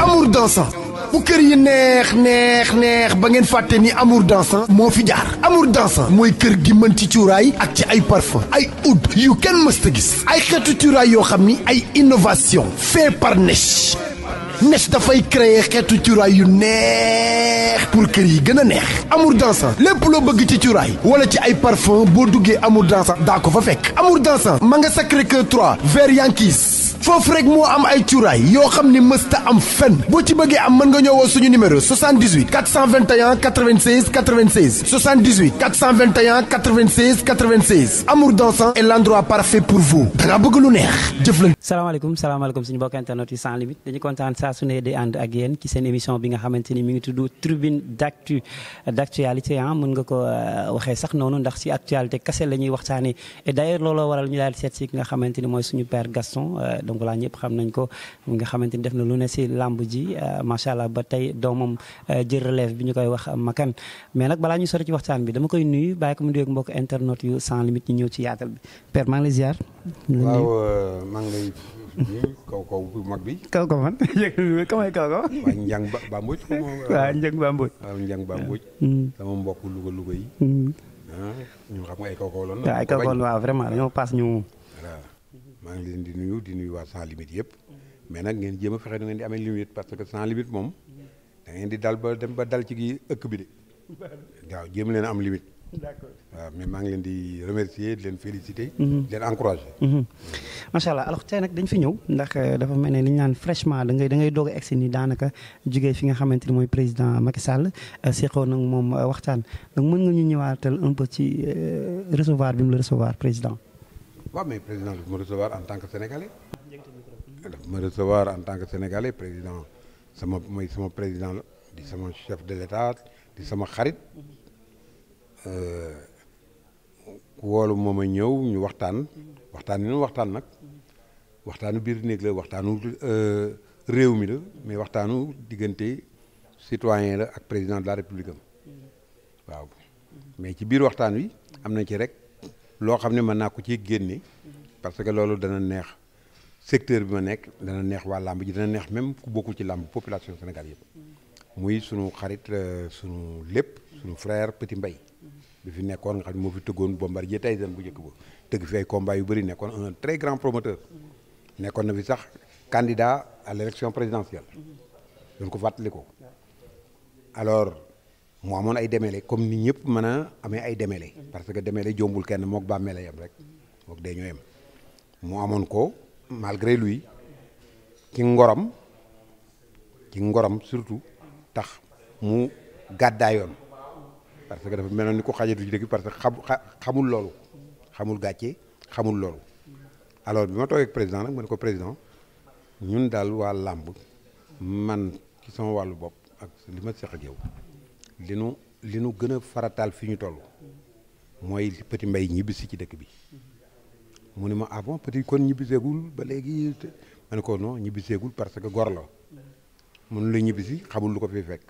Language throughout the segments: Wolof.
amour dansant bu kër yi neex neex neex ba ngeen fàtte ni amour dansant moo fi jaar amour dansant mooy kër gi mën ci cuuraay ak ci ay parfum ay oud yu kenn mësta gis ay xeetu cuuraay yoo xam ni ay innovation fait par Nech Nech dafay créer xeetu cuuraay yu neex pour kër yi gën a neex amour dansant lépp loo bëgg ci cuuraay wala ci ay parfum boo duggee amour dansant daa ko fa fekk amour dansant ma nga Sacré-Cœur troit vers Yankees foofu rek moo am ay cuuraay yoo xam ni mësta am fenn boo ci bëggee am mën nga ñëwoo suñu numéro 78 421 96 96 78 421 96 96 Amour dansant est l'endroit parfait pour vous da bëgg lu neex jëf lañ. salaamaaleykum suñu mbokk internet yi sans limite dañu kontaan saa su ne ak yéen ci seen émission bi nga xamante ni mi ngi tudd tribune d'actu d'actualité ah mën nga ko euh, waxee sax noonu ndax ci actualité kese la ñuy waxtaanee et d'ailleurs looloo waral ñu daal seet ki nga xamante ni mooy suñu père Gaston. Euh, donc laa ñëpp xam nañ ko nga xamante ni def na lu ne si làmb ji euh, macha allah ba tey doomam euh, jël relève bi ñu koy wax makan mais nag balaa ñu sori ci waxtaan bi dama koy nuyu bàyyi ko mu nuyoog mbokk internet yu sans limite ñu ñëw ci yaatal bi père maa ngi lay ziar. waaw euh, maa ngi lay kaw kaw bu mag bi. kaw kaw man yëg nañu ko may kaw kaw. waaw Ndiang Ba Ba Mbodj. waaw Ndiang Ba Mbodj. waaw Ndiang Ba Mbodj. Mm. Mm. sama mbokk Louga Louga yi. Mm. Ah, ñu xam nga ay kaw kaw loon. waaw ay kaw kaw waaw vraiment dañoo paas ñu. maa ngi leen di nuyu di nuyu waa sans limite yëpp mais nag ngeen jéem a fexe da ngeen di amee limite parce que sans limite moom da ngeen di dal ba dem ba dal ci gi ëkk bi de waaw jéem leen am limite d'accord maa ngi leen di remercier di leen féliciter mhm. di leen encourager mhm. macha allah alors tey nag dañ fi ñëw ndax euh, dafa mel ne li ñu naan fraîchement da ngay da ngay doog a egsi daanaka jugee fi nga xamante ni mooy président Macky Sall euh, seqoon nag moom euh, waxtaan donc mën nga ñu ñëwaatal un peu ci recevoir bi mu la recevoir président waaw mais président daf ma recevoir en tant que sénégalais. daf ma recevoir en tant que sénégalais président sama mooy sama président la di sama chef de l'état di sama xarit euh, woolu moom a ñëw ñu waxtaan waxtaan nu waxtaan nag waxtaanu biir néeg la waxtaanu euh, réew mi la mais waxtaanu diggante citoyen la ak président de la république am waaw mais ci biir waxtaan wi am na ci rek loo xam ne mën naa ko ciy génne parce que loolu dana neex secteur bi ma nekk dana neex waa làmb ji dana neex même ku bokkul ci làmb population Sénégal yëpp muy sunu xarit euh, sunu lépp sunu frère Petit mbay bi fi nekkoon nga xam ne moo fi tëggoon Bombardier Tyson bu njëkk ba tëgg fi ay combat yu bëri nekkoon un très grand promoteur nekkoon na fi sax candidat à l' élection présidentielle doon ko fàttali ko alors mu amoon ay démêlés comme nit ñëpp mën a amee ay démêlés parce que démêlés jombul kenn mook bàmmeel a yem rek mook dee ñoo mu amoon ko malgré lui ci ngorom ci ngorom surtout tax mu gàddaayoon parce que dafa meloon ni ko xajatu ci dëkk parce que xam xamul loolu xamul gàcce xamul loolu alors bi ma toogee président nag ma ne ko président ñun daal waa làmb man ki sama wàllu bopp ak li ma seq ak yow li nu li nu gën a farataal fi ñu toll mooy petit mbay ñibbisi ci dëkk bi mu ni ma avant ah petit kon ñibbiseegul ba léegi ma ne ko non ñibbiseegul parce que gor la lu la ñibbisi xamul lu ko fi fekk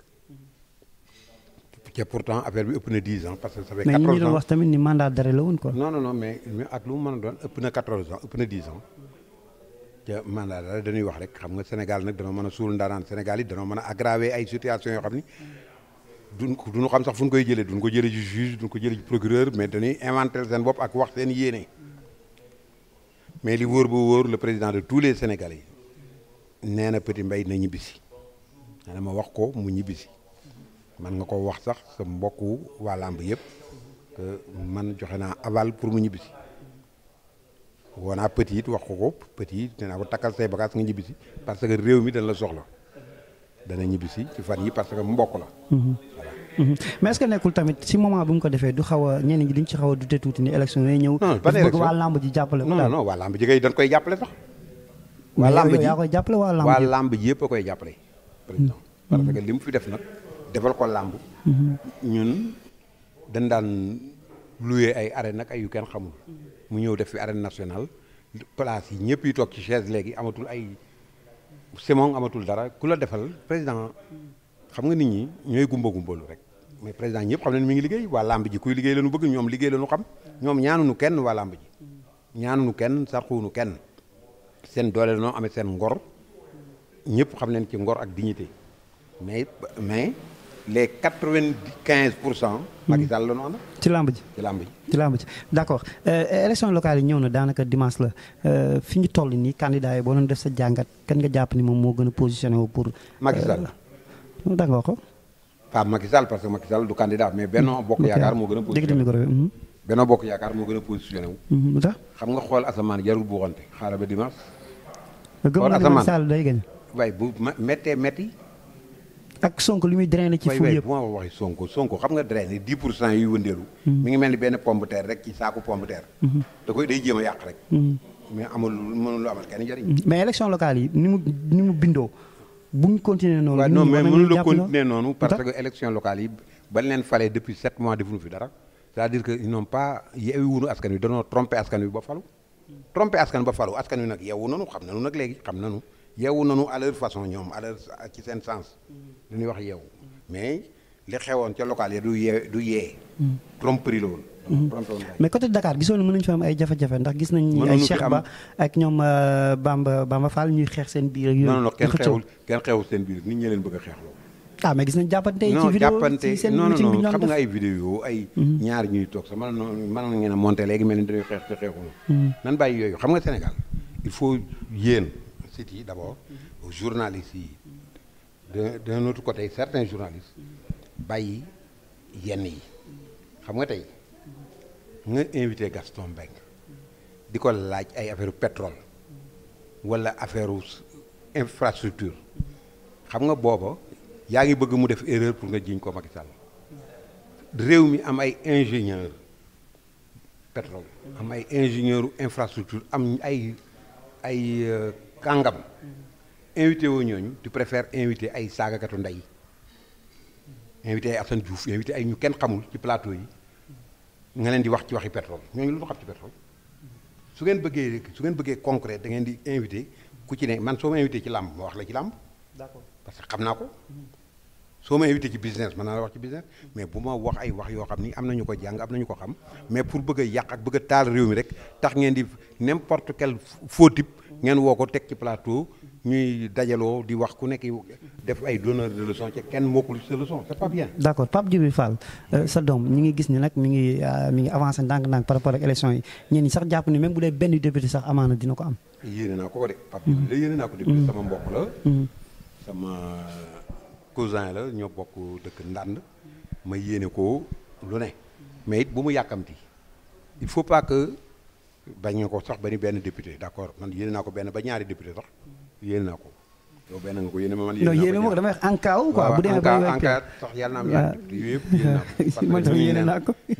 pourtant affaire bi ëpp na dix ans parce que ça fait quatorze ans mais ñu doon wax tamit ni mandat d'arrêt la woon quoi. non non mais ak lu mu mën doon ëpp na quatorze ans ëpp na dix ans te mandat d'arrêt dañuy wax rek xam nga Sénégal nag dana mën a suul ndaanaan Sénégal yi mën a aggraver ay situation yoo xam ni dun ko duñu xam sax fu koy jëlee duñ ko jëlee ci juge duñ ko jëlee ci procureur mais dañuy inventer seen bopp ak wax seen yéene mais li wóor ba wóor la président de tous les sénégalais nee na Petit Mbaye na ñibbisi nee na ma wax ko mu ñibbisi man nga ko wax sax sa mbokku waa làmb yëpp que man joxe naa aval pour mu ñibbisi woo naa Petit it wax ko ko Petit dinaa ko takkal say bagages nga ñibbisi parce que réew mi dañ la soxla. dana ñibbisi ci fan yi parce que mu mbokk la. Mhm. Mhm. mais est-ce nekkul tamit si moment bu mu ko defee du xaw a ñenn ñi duñ ci xaw a dute tuuti ni élection yooyu ñëw. non ban élection waa làmb ji jàppale. non non waa làmb ji kay dañ koy jàppale sax. waa làmb ji yaa koy jàppale waa làmb ji waa yëpp koy jàppale. Mhm. li mu fi def nag defal ko làmb. ñun dañ daan loué ay arène nag ay yu kenn xamul. mu ñëw def fi arène national place yi ñëpp yi toog ci chaise léegi amatul ay. Simon amatul dara ku la defal président xam nga nit ñi ñooy gumba gumbalu rek mais président ñëpp xam nañ mi ngi liggéey waa làmb ji kuy liggéey lañu bëgg ñoom liggéey lañu xam ñoom ñaanuñu kenn waa làmb ji ñaanuñu kenn sarxuñu kenn seen doole noo amee seen ngor ñëpp xam nañ ci ngor ak dignité mais mais les quatre vingt quinze pour cent. Hmm. Macky Sall la ñu ànd. ci làmb ji ci làmb ji. ci d' accord euh, élection locale yi ñëw na daanaka dimanche la euh, fi ñu toll nii candidat yi boo doon def sa jàngat kan nga jàpp ni moom moo gën a positionné pour. Macky euh, Sall da nga wax ko. pas Macky Sall parce que Macky Sall du candidat mais hmm. hmm. Bokk Yaakaar moo gën a. positionné wu a xam nga xool asamaan jarul buuxante xaaral ba dimanche. xool asamaan gëm nga Sall day gën. waaye bu méttee métti ak Sonko li muy drainer ci fu yëpp bu ma waxee Sonko Sonko xam nga drainer dix pour cent yuy wëndeelu hmm. mi ngi mel ni benn pomme de terre rek ci saaku pomme de terre hmm. da koy day jéem a yàq rek hmm. mais amul mënul amal kenn njëriñ mais élection locale yi ni mu ni mu bindoo bu ñu continuer noonu waaw non mais mënul a noonu parce que élection locale yi bañ leen falee depuis sept mois defuñu fi dara c'est-à-dire que ils n'ont pas yeewu wuñu askan wi danoo trompé askan wi ba ba falu askan wi nag yeewu nanu xam nanu nag léegi xam nanu yeewu nañu à leur façon ñoom à leur ci seen sens. lu ñuy wax yeewu. mais li xewoon ca local ya du yee du yee. tromperie la woon. Mhm. mais côté Dakar gisoon mën nañu fa am ay jafe-jafe ndax gis nañ ay Cheikh Ba ak ñoom euh, Bamba Bamba Fall ñuy xeex seen biir ak yooyu. kenn xeexul kenn xeexul seen biir nit ñi leen bëgg a xeexloo. ah gis nañ jàppante ci vidéo ci seen meeting bi non xam nga ay vidéo ay mhm. ñaar ñuy toog sax man man ngeen a monté léegi mel ni dañuy xeex te xeexul mhm. nan bàyyi yooyu xam nga Sénégal il faut yéen sites yi d' abord aux journalistes yi d'un autre certains journalistes bàyyi yenn yi xam nga tey nga invité Gaston Mbengue di ko laaj ay affaire pétrole wala affaire infrastructure xam nga booba yaa ngi bëgg mu def erreur pour nga jiñ ko Macky Sall réew mi am ay ingénieur pétrole am ay ingénieur infrastructure am ay ay euh, kàngam invité woo ñooñu tu préfères invité ay saagakatu ndey invité ay Assane Diouf invité ay ñu kenn xamul ci plateau yi nga leen di wax ci waxi pétrole ñooñu lu ñu xam ci pétrole su ngeen bëggee su ngeen bëggee concret da ngeen di invité ku ci ne man soo ma invité ci làmb ma wax la ci làmb. d'accord xam naa ko. Mm-hmm. soo ma invité ci business mën naa la wax ci business mais bu ma wax ay wax yoo xam ni am nañu ko jàng am nañu ko xam mais pour bëgg a yàq ak bëgg a taal réew mi rek tax ngeen di n'importe quel faux type ngeen woo ko teg ci plateau ñuy dajaloo di wax ku nekk def ay donneur de ci kenn mokkul sa leçon c'est pas bien. d'accord Pape Djibril Fall euh, sa doom ñi ngi gis ni nag mi ngi euh, mi ngi avancé ndànk-ndànk par rapport ak élection yi ñenn ñi sax jàpp ni même bu dee benn député sax amaana dina ko ko ko de. Pape Djibril mm-hmm. yéene naa cousin la ñoo bokk dëkk ndànd ma yéene ko lu ne mais bu mu yàkkamti il faut pas que bañ nga ko sax ba ni benn député d' accord man yéene naa ko benn ba ñaari député sax yéene naa ko yow benn nga ko yéene ma man yéene naa ko damay wax en cas quoi bu dee en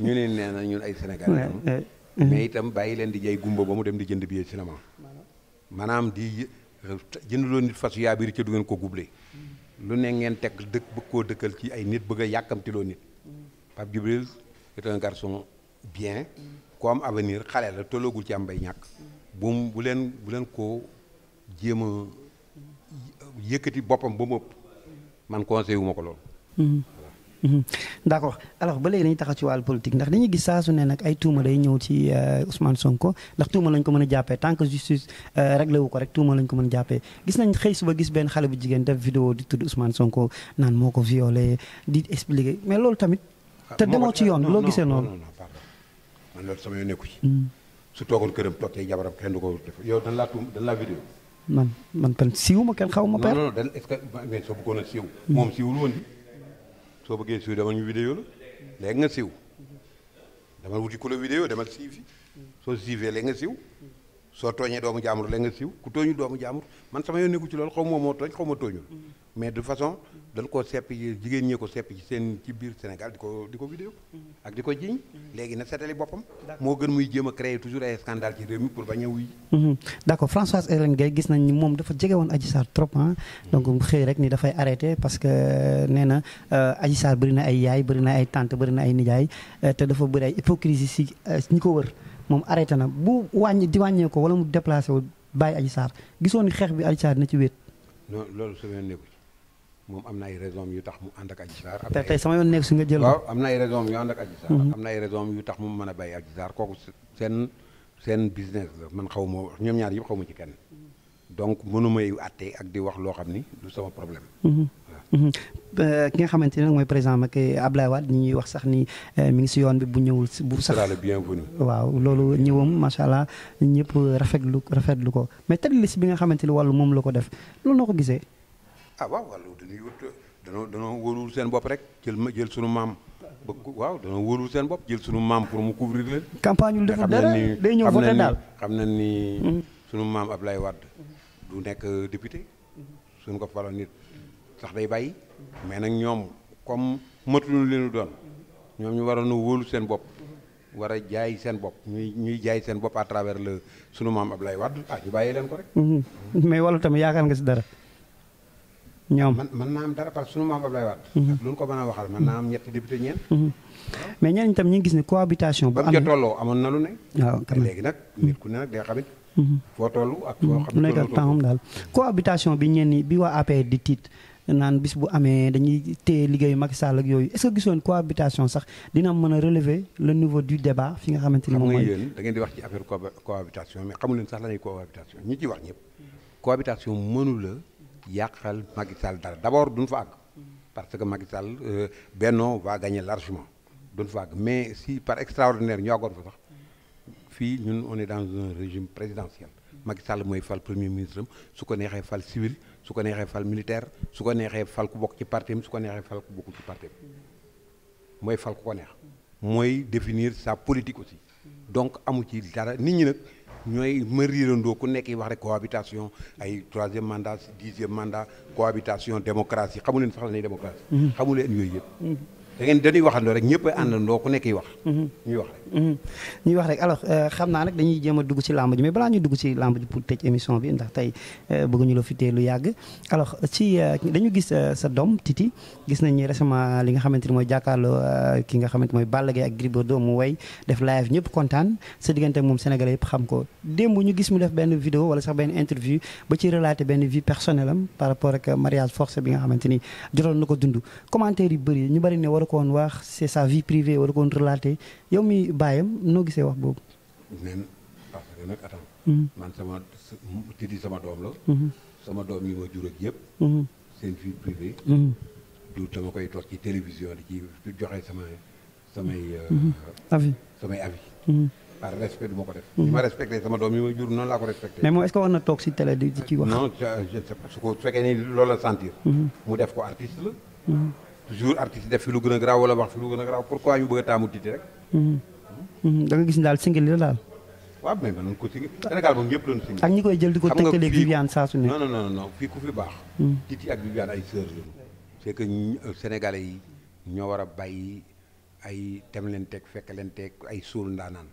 ñu ne nee na ñun ay Sénégalais mais mm-hmm. itam bàyyi leen di jay gumba ba mu dem di jënd billet cinéma maanaam di jënd loon nit fas yaa ca du ngeen ko guble mm-hmm. lu ne ngeen teg dëkk bëgg koo dëkkal ci ay nit bëgg a yàkkamtiloo nit Pape Djibril c'est un bien ku am avenir xale la tolloogul ci am bay ñàkk bu bu leen bu leen koo jéem a yëkkati boppam ba mu ëpp man conseil wu ko loolu mm-hmm. Mhm. d' accord alors ba léegi dañuy taxaw ci wàllu politique ndax dañuy gis saa su ne nag ay tuuma lay ñëw ci euh, Ousmane Sonko ndax tuuma lañ ko mën a jàppee tant que justice euh, réglé wu ko rek tuuma lañ ko mën a jàppee gis nañ xëy suba gis benn xale bu jigéen def vidéo di tudd Ousmane Sonko naan moo ko violé di expliqué mais loolu tamit. Ah, te demoo ci yoon loo gisee noonu. man loolu sama yoon nekku ci. Mm. su toogoon këram toog tey jabaram kenn du ko def yow dan laa tuum dan laa man man pen kenn xaw ma. per non non soo bëggee siiw demal ñu vidéo la léegi nga siiw dama wuti ku la vidéo demal siifi soo siifee léegi nga siiw soo tooñee doomu jaamur léegi nga siiw ku tooñu doomu jaamur man sama yoon nekku ci loolu xaw ma moo tooñ xaw ma tooñul mais du façon dañ koo sepp jigéen ñi ko sepp ci seen ci biir Sénégal di ko di ko mhm. ak di ko jiiñ léegi na seetali boppam moo gën muy jéem a créer toujours ay scandale ci réew mi pour bañ a wuy mhm. d' Françoise Hélène gis nañ ni moom dafa jege woon Adji Sarr trop ah donc xëy rek ni dafay arrêté parce que euh, nee na euh, Adji Sarr bëri na ay yaay bëri na ay tante bëri na ay nijaay euh, te dafa bëri ay hypocrisie si ñi ko wër moom arrêté na bu wàññi di wàññee ko wala mu déplacé wu bàyyi Adji Sarr gisoon ni xeex bi Adji na ci wéet non loolu moom am na ay raison yu tax mu ànd ak Adji te tey sama yoon nekk si nga jël. waaw am na ay raison yu ànd ak Adji Sarr. Mhm. am na ay raison yu a bàyyi Adji Sarr seen seen la man xaw ma ñoom ñaar yëpp xaw ma ci kenn. donc mënu may àtte ak di wax loo xam ni du problème. Mhm. Mhm. ki nga xamante ne mooy président Macky Ablaye ñi ñuy wax sax ni eh, mi ngi si yoon bi bu ñëwul si bu sax. sera le bienvenu. waaw loolu ñëwam macha allah ñëpp rafetlu rafetlu ko mais tëdd liste bi nga xamante ni wàllu moom la ko def loolu noo ko gisee. Ah, waaw wala dañuy wut danoo danoo wóorul seen bopp rek jël ma jël sunu maam. waaw danoo wóorul seen bopp jël sunu maam pour mu couvrir leen. campagne ñu deful dara day ñëw voté daal xam nañ ni mm-hmm. sunu maam Ablaye Wade du nekk député. suñ ko faloon nit sax day bàyyi. mais nag ñoom comme matuñu leen doon. ñoom ñu waroon a wóolu seen bopp. war a jaay seen bopp ñuy ñuy jaay seen bopp à travers le sunu maam Ablaye Wade ah ñu bàyyi leen ko rek. Mm-hmm. mais wala tamit yaakaar nga si dara. ñoom man man naa am dara parce que sunu maam Abdoulaye Wade. Mhm. lu ko mën a waxal man naa am ñetti député mhm. ngi gis ne cohabitation. bu am ba mu ca tolloo na lu ne. waaw te léegi nag nit ku ne nag day xamit. Mhm. foo toll ak foo xam ne ak temps daal cohabitation bi ñenn bi waa APR di tiit naan bis bu amee dañuy téye liggéeyu Macky Sall ak yooyu est-ce que gisoon cohabitation sax dina mën a relever le niveau du débat fi nga xamante ni moom mooy. yéen da ngeen di wax ci affaire cohabitation mais xamu leen sax la ñuy cohabitation ñi ci wax ñëpp cohabitation mënu la yàqal Macky Sall dara d'abord duñ fa àgg parce que Macky Sall euh, Benno va gagner largement duñ fa àgg mais si par extraordinaire ñu àggoon fa sax fii ñun on dans un régime présidentiel Macky Sall mooy fal premier ministre su ko neexee fal civil su ko neexee fal militaire su ko neexee fal ku bokk ci parti su ko neexee fal ku bokk ci parti mooy fal ku ko neex mooy définir sa politique aussi donc amu ci dara nit ñi nag ñooy mëriirandoo ku nekk yi wax rek cohabitation ay troisième mandat dixième mandat cohabitation démocratie xamu leen sax la ne démocratie mm-hmm. da ngeen dañuy waxandoo rek ñëpp a àndandoo ku nekk yi wax. Mhm. ñuy wax rek. Mhm. ñuy euh, xam naa nag dañuy jéem a dugg ci làmb ji mais balaa ñuy dugg ci làmb ji pour tëj émission bi ndax tey euh, bëgguñu la fi tee lu yàgg. alors ci euh, dañu gis sa doom Titi gis nañu récemment li nga xamante ni mooy jàkkaarloo ki nga xamante mooy Balla Gaye ak Gris mu way def live ñëpp kontaan sa diggante ak moom yëpp xam ko démb ñu gis mu def benn vidéo wala sax benn interview ba ci relaté benn vie personnelle am par rapport ak mariage forcé bi nga xamante ni jotoon na ko dund commentaire yu bëri ñu bëri ne wala wax c'est sa vie privée wala ko woon relaté yow mi bàyyam noo wax boobu. nen parce que nag mm-hmm. sama titi sama mm-hmm. sama doom yi ma jur yëpp. Mm-hmm. dama koy toog ci télévision di ci joxe sama samay. Euh, avis samay avis. par respect du ma ko def. ni doom jur noonu laa ko respecté. na toog si télé di ci wax. non je sais la mu def ko artiste la. toujours artiste def fi lu gën a garaaw wala wax fi lu gën a garaaw pourquoi ñu bëgg a taamu tiiti rek. Hmm. Hmm. da nga gis ni daal single la daal. waaw mais man ko single Sénégal moom ñëpp ak ñi koy jël di ko tëkkaleeg Viviane saa su ne. non non non fii ku fi baax. Hmm. tiiti ak Viviane ay sœurs lañu. c'est que euh, Sénégalais yi ñoo war a bàyyi ay tem leen teg fekk leen teg ay sóol ndaanaan.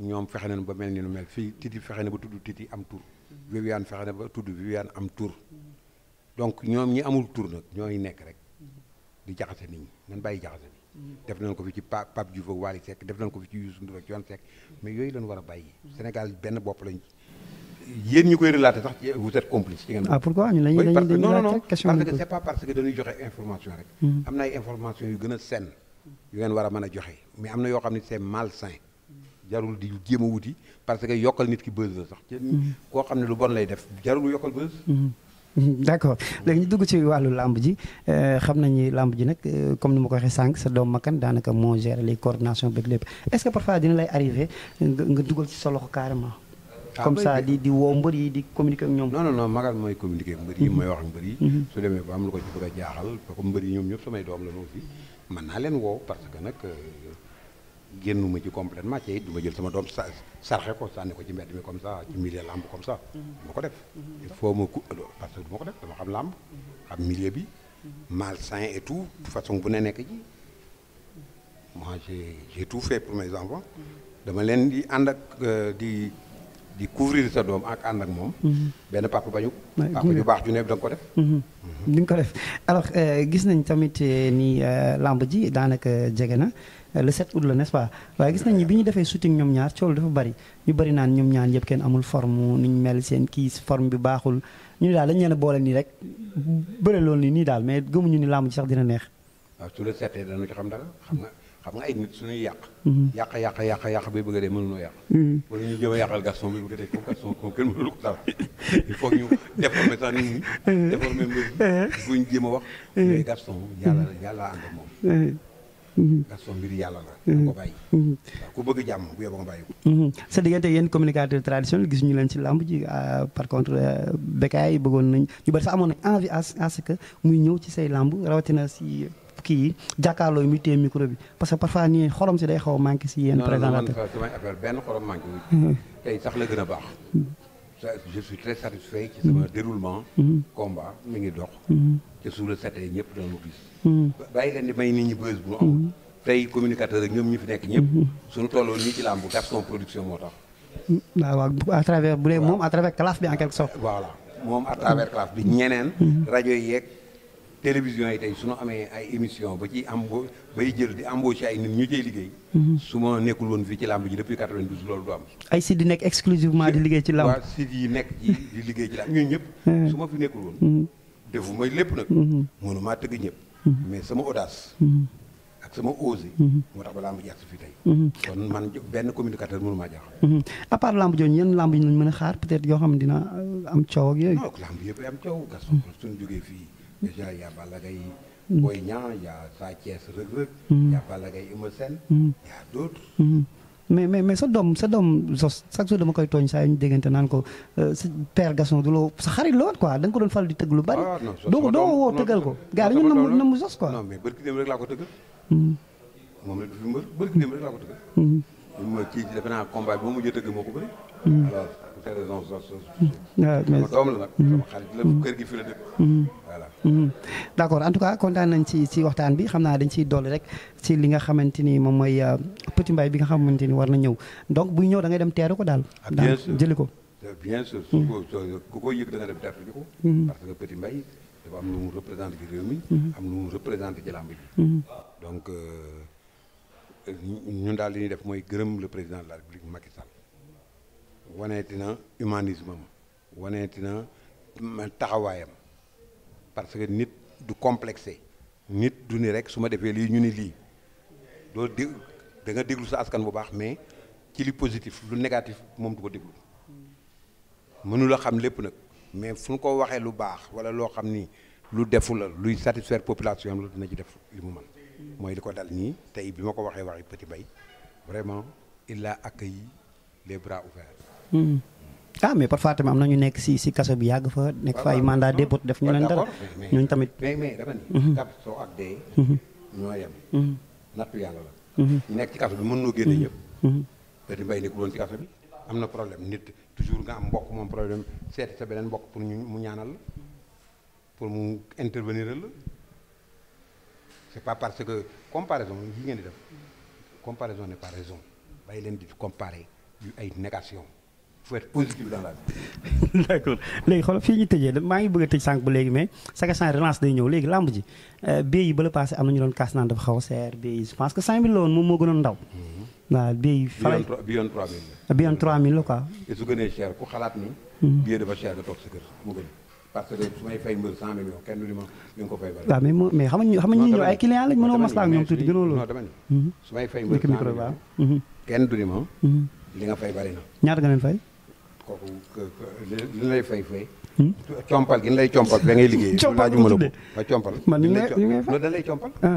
ñoom fexe nañu ba mel ni nu mel fii tiiti fexe na ba tudd tiiti am tur. Viviane fexe ne ba tudd Viviane am tur. donc ñoom ñi amul tur nag ñooy nekk rek. di jaxase nit ñi nan bàyyi jaxase bi mm-hmm. def nañ ko fi ci pa Pape Diouf ak Wally Seck def nañ ko fi ci Youssou Ndour ak Thione Seck mais yooyu lañ war a bàyyi mm-hmm. Sénégal benn bopp lañ yéen ñi koy relaté sax vous ah, parce que c'est joxe information rek mm-hmm. am na information yu gën a saine yu ngeen war a mën a joxe mais am na yoo xam ne c'est malsain jarul di jéem a wuti parce que yokkal nit ki buzz la sax koo xam ne lu bon lay def jarul yokkal buzz d' accord léegi ñu dugg ci wàllu làmb ji euh, xam nañu làmb ji nag euh, comme ni ma ko waxee sànq sa doom makkan daanaka moo géré les coordination beeg lépp est ce que parfois dina lay arrivé nga dugal ci sa loxo carrément. Ah, comme ça di di woo mbër yi di communique ak ñoom. non non non mooy communiquer ak mbër yi mhm. mooy wax ak mbër yi. Mhm. su demee ba am lu ko ci bëgg a jaaxal comme mbër yi ñoom ñëpp samay doom la ñu aussi mën naa leen woo parce que nag. Euh, génnuma ci complètement ci it ma jël sama doom sa sarxe ko sànni ko ci mbedd mi comme ça ci milieu làmb comme ça. Mm-hmm. du ko def. Mm-hmm. il ma ku parce que du ma ko def dama mm-hmm. bi. malsain et tout façon bu ne nekk ji. moi j'ai j'ai tout fait pour mes enfants. leen di ànd ak euh, di di couvrir sa doom ak ànd ak moom. benn papa bañu. papa ju baax ju ne da ko def. di ko def alors euh, gis nañ tamit euh, ni làmb ji daanaka jege na. le 7 août la n'est-ce pas waaye gis nañu bi ñu defee shooting ñoom ñaar coow dafa bari ñu bari naan ñoom ñaar yëpp kenn amul forme ni ñu mel seen kii forme bi baaxul ñu ne daal dañu leen a boole nii rek bëre lool nii nii daal mais ñu ni làmb ji sax dina neex. waaw su la xam dara xam nga xam nga ay nit mm-hmm. yàq. yàq yàq yàq yàq bi bëgg a dee mënuñoo yàq. Mm-hmm. wala ñu jëm a yàqal gaston bi bëgg a dee ko gaston ko kenn mënul mm-hmm. a wax. Mhm. ndax soo la. Mhm. nga ko bàyyi. Mhm. waaw ku bëgg jàmm bu yóbboo nga bàyyi ko. sa diggante yéen communicateur traditionnel gis ñu leen ci làmb ji ah, par contre euh, Bécaye bëggoon nañ ñu bari sax amoon nañ envie à ce que muy ñëw ci say làmb rawatina si kii yi jàkkaarloo yi muy téye micro bi parce que parfois nii xorom si day xaw a si yéen. présentateur man damay affaire benn xorom manqué wu. tey sax la gën a baax. je suis très satisfait ci mm-hmm. sama déroulement. Mm-hmm. combat mi ngi dox. ci suuf la setee ñëpp dañu gis. Mm-hmm. bàyyi leen di may nit ñi bës bu am. tey communicateur ak ñoom ñu fi nekk ñëpp. suñu tolloo nii ci làmb Gaston production moo tax. waaw waaw bu dee moom à travers classe bi en quelque sorte. voilà moom à travers bi ñeneen. rajo yeeg. télévision yi tey su ñu amee ay émission ba ci am bay jël di embauché ay nit ñu cay liggéey. Mhm. su ma nekkul woon fii ci làmb ji depuis 92 loolu du am. ay sites yi nekk exclusivement di liggéey ci làmb. waaw sites yi nekk ci di liggéey ci ñëpp. Eh. su ma fi nekkul woon. Mhm. defu may lépp nag. Mhm. mënumaa tëgg ñëpp. mais sama audace. ak sama osé. moo tax ba làmb ji ak fii tey. kon man benn communicateur mënumaa jaaxal. à part làmb jooju yéen làmb yi ñu mën a xaar peut yoo xam ne dina euh, am coow ak yooyu. non làmb yëpp am coow. Gaston suñu jógee fii. déjà il a Balla Gaye a Sa a Balla a d'autres mm. mais mais mais sa doom sa doom Zoss sa jour dama koy tooñ saa yu ñu déggante naan ko euh, sa père Gaston loo sa xarit la ko quoi da doon fal di tëgg lu bari. ah non ko woo tëggal ko. gaa dañu namu namu Zoss quoi. non barki dem rek mm. la ko mm. a tëgg moo ko waaw hmm. mais doom la nag. Hmm. gi fi la dëkk. Hmm. d' accord en tout cas kontaan nañ ci ci waxtaan bi xam naa dañ ciy dolli rek ci li nga xamante ni moom mooy euh, Petit Mbaye bi nga xamante ni war na ñëw donc buy ñëw da ngay dem teeru ko daal. Ah, bien jëli ko. Euh, bien sûr su ko ku ko yëg da nga dem teeru ji ko. parce que Petit Mbaye dafa am lu mu représenté ci réew mi. donc euh, ñun daal li ñuy def mooy gërëm le président de la république Macky Sall. waneeti na humanisme am waneeti taxawaayam parce que nit du complexé nit du ni rek su ma defee lii ñu ni lii doo dé da nga déglu sa askan bu baax mais ci li positif lu négatif moom du ko déglu mënula xam lépp nag mais fu ñu ko waxee lu baax wala loo xam ni lu defu la luy satisfaire population am la dina ci def li mu man mooy li ko dal nii tey bi ma ko waxee waxi Petit bay vraiment illa a accueilli les bras ouverts Hmm. ah mais parfois tamit am na ñu nekk si si kaso bi yàgg fa nekk fa ay mandat dépôt def ñu leen dara ñooñu tamit. mais mais dama mhm. soo ak dee. Mhm. ñoo yem. Mhm. nattu yàlla la. nekk ci kaso bi mën noo génne ñëpp. da di mbay woon ci kaso bi am na problème nit toujours nga am mbokk moom problème seeti sa beneen mbokk pour ñu mu ñaanal la pour mu intervenir la c'est pas parce que comparaison yi ngeen di def comparaison n'est pas raison bàyyi leen di comparer yu ay négation. faut être positif dans la vie. d' accord léegi xoolal fii ñu tëjee de maa ngi bëgg a tëj sànq ba léegi mais chaque relance day ñëw léegi làmb ji euh, bee yi ba am na ñu doon kaas naan dafa xaw a seer bee yi je pense que la woon moom moo gënoon ndaw. Mm-hmm. waaw bee yi. fay bi yoon la. bi yoon te su gënee cher ku xalaat ni. Mm-hmm. bee dafa cher nga toog sa kër mu mais mais xam nga ñëw ay clients lañ mënoo maslaa ñoom tuuti gënoo loolu. su may fay mbër 100 millions kenn du li nga fay bëri na. kooku li hmm? lay fay fay. compal gi ni lay compal da ngay liggéey. compal laaju mën a compal. man ni lay da lay compal. waaw ah.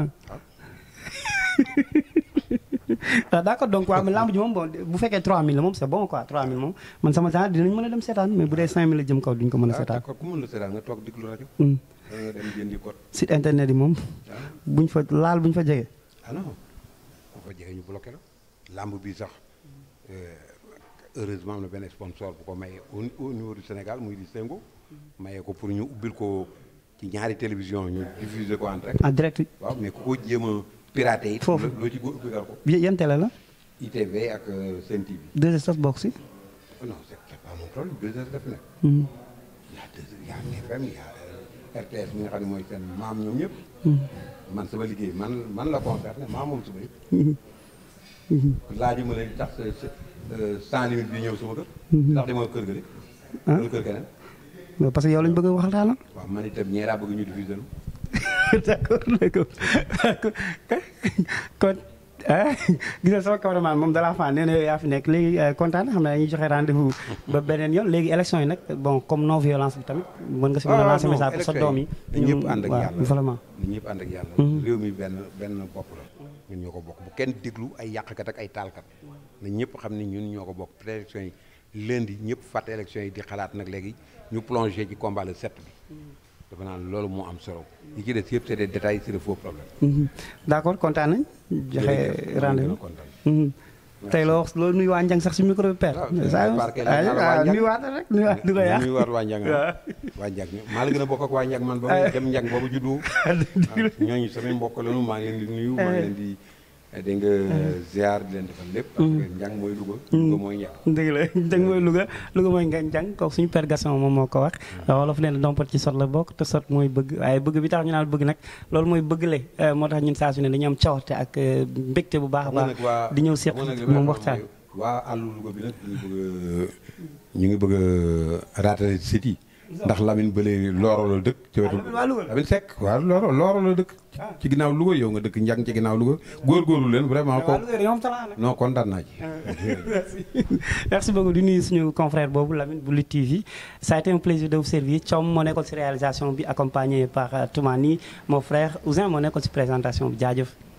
ah. ah, d'accord donc waaw mais lamb ji moom bon bu fekkee 3000 la moom c'est bon quoi 3000 moom man sama genre dinañ mën a dem seetaan mais bu dee 5000 la jëm kaw duñ ko mën a seetaan. d'accord ku mën la nga toog déglu rajo. Hmm. nga internet yi moom. buñ fa laal buñ fa jege. ah non bu la. heureusement am na benn sponsor bu ko maye au niveau du Sénégal muy di Sengo maye ko pour ñu ubbil ko ci ñaari télévision ñu diffuser ko en direct. en direct waaw mais ku ko jéem a piraté it. foofu loo ci ubbigal ko. yan télé la. ITV ak euh, Sen TV. 2STV bokk si. Oh non c'est pas mon problème 2STV nag. Hmm. y a 2 y a FM y a euh, RTS mi nga xam ne mooy seen maam ñoom ñëpp. Hmm. man sama liggéey man man la concerné maa moom sama yëpp. sans limite bi ñëw sama mhm. ah. parce que yow lañ bëgg a waxal daal ah. waaw ñu diffuser lu. d' accord d' accord moom dalaa faa nee na yow yaa fi nekk léegi euh, kontaan xam naa dañuy joxe rendez-vous ba beneen yoon léegi élection yi nag bon comme non violence bi tamit mën nga si mën a ah, lancer message pour sa doom yi. yàlla vraiment. Mhm. benn benn bopp ñun ñoo ko bokk bu kenn déglu ay yàqkat ak ay taalkat na ñëpp xam ne ñun ñoo ko bokk préélection yi lundi ñëpp fàtte élection yi di xalaat nag léegi ñu plongé ci combat le bi dafa naan loolu moo am solo yi ci des yëpp c'est des détails c'est des faux problèmes d'accord kontaan joxe rendez tey la wax loolu waa njàng sax si micro bi per. Ah, ah, waaw nuyuwaat rek nuyuwaat du ko yàq nuyuwaat waa njàng waa njàng maa la gën a bokk ak waa njàng man ba muy dem njàng boobu juddu ñooñu samay mbokk lañu maa ngi leen di maa ngi leen di nga ah. ziar di leen defal lépp. Mm. parce que njàng mooy Louga. Mm. Louga mooy njàng. dëgg la njàng mooy Louga Louga mooy kooku suñu père Gaston moom moo ko wax. Mm. wolof nee na dompat ci sot la bokk te sot mooy bëgg waaye bëgg bi tax ñu naa bëgg nag loolu mooy bëgg le eh, moo tax ñun saa su ne dañu am cawarte ak eh, mbégte bu baax a baax. di ñëw seq moom wax waa àllu Louga bi nag ñu ñu ngi bëgg a raatale ndax Lamine bële Looro la dëkk. ci wetu Lamine Seck waaw Looro Looro dëkk. Ah. ci ginnaaw Louga yow nga dëkk njàng ci ginnaaw Louga góorgóorlu leen vraiment. ko non kontaan naa ci. merci beaucoup di nuyu suñu confrère boobu Lamine bu Lutte TV ça a été un plaisir de vous servir Thiam moo nekkoon si réalisation bi accompagné par euh, Toumani mon frère Ouzin moo nekkoon si présentation bi jaajëf.